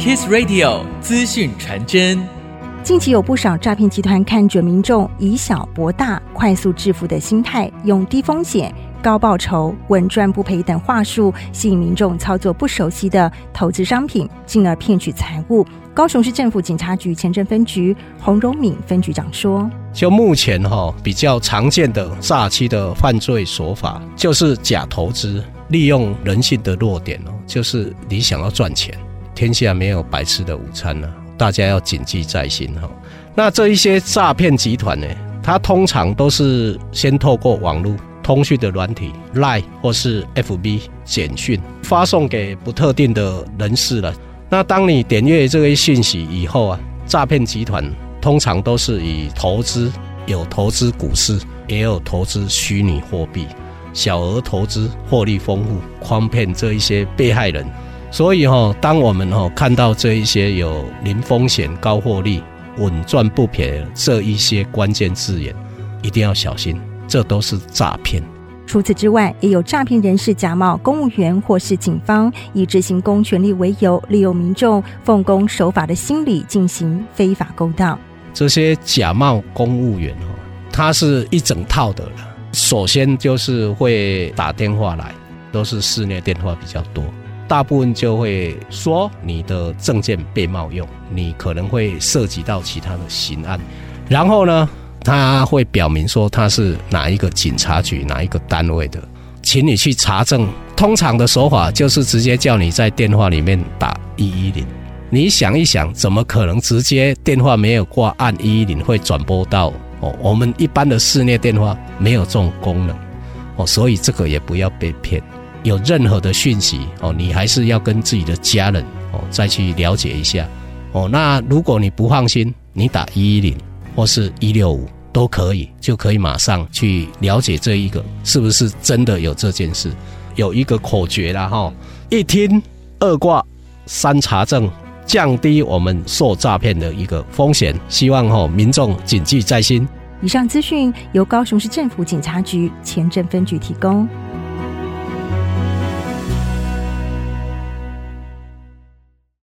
Kiss Radio 資訊傳真。近期有不少詐騙集團看準民眾以小博大、快速致富的心態，用低風險、高報酬、穩賺不賠等話術，吸引民眾操作不熟悉的投資商品，進而騙取財物。高雄市政府警察局前鎮分局洪榮敏分局長說：“就目前哈、哦，比較常見的詐欺的犯罪手法，就是假投資，利用人性的弱點哦，就是你想要賺錢。”天下沒有白吃的午餐呢、啊，大家要謹記在心哈、喔。那這一些詐騙集團呢、欸，它通常都是先透過網絡通訊的軟體，LINE 或是 FB 簡訊，發送給不特定的人士了。那當你點閱這一信息以後啊，詐騙集團通常都是以投資，有投資股市，也有投資虛擬貨幣，小額投資獲利豐富，誆騙這一些被害人。所以哈、哦，當我們哈、哦，看到這一些有零風險、高獲利、穩賺不賠這一些關鍵字眼，一定要小心，這都是詐騙。除此之外，也有詐騙人士假冒公務員或是警方，以執行公權力為由，利用民眾奉公守法的心理進行非法勾當。這些假冒公務員哈，他是一整套的了，首先就是會打電話來，都是市內電話比較多。大部分就會說你的證件被冒用，你可能會涉及到其他的刑案。然後呢，他會表明說他是哪一個警察局、哪一個單位的，請你去查證。通常的手法就是直接叫你在電話裡面打一一零。你想一想，怎麼可能直接電話沒有掛，按一一零會轉撥到哦？我們一般的市內電話沒有這種功能哦，所以這個也不要被騙。有任何的訊息哦，你還是要跟自己的家人哦再去了解一下哦。那如果你不放心，你打一一零或是一六五都可以，就可以馬上去了解這一個是不是真的有這件事。有一個口訣啦哈：一聽，二掛，三查證，降低我們受詐騙的一個風險。希望哈民眾謹記在心。以上資訊由高雄市政府警察局前鎮分局提供。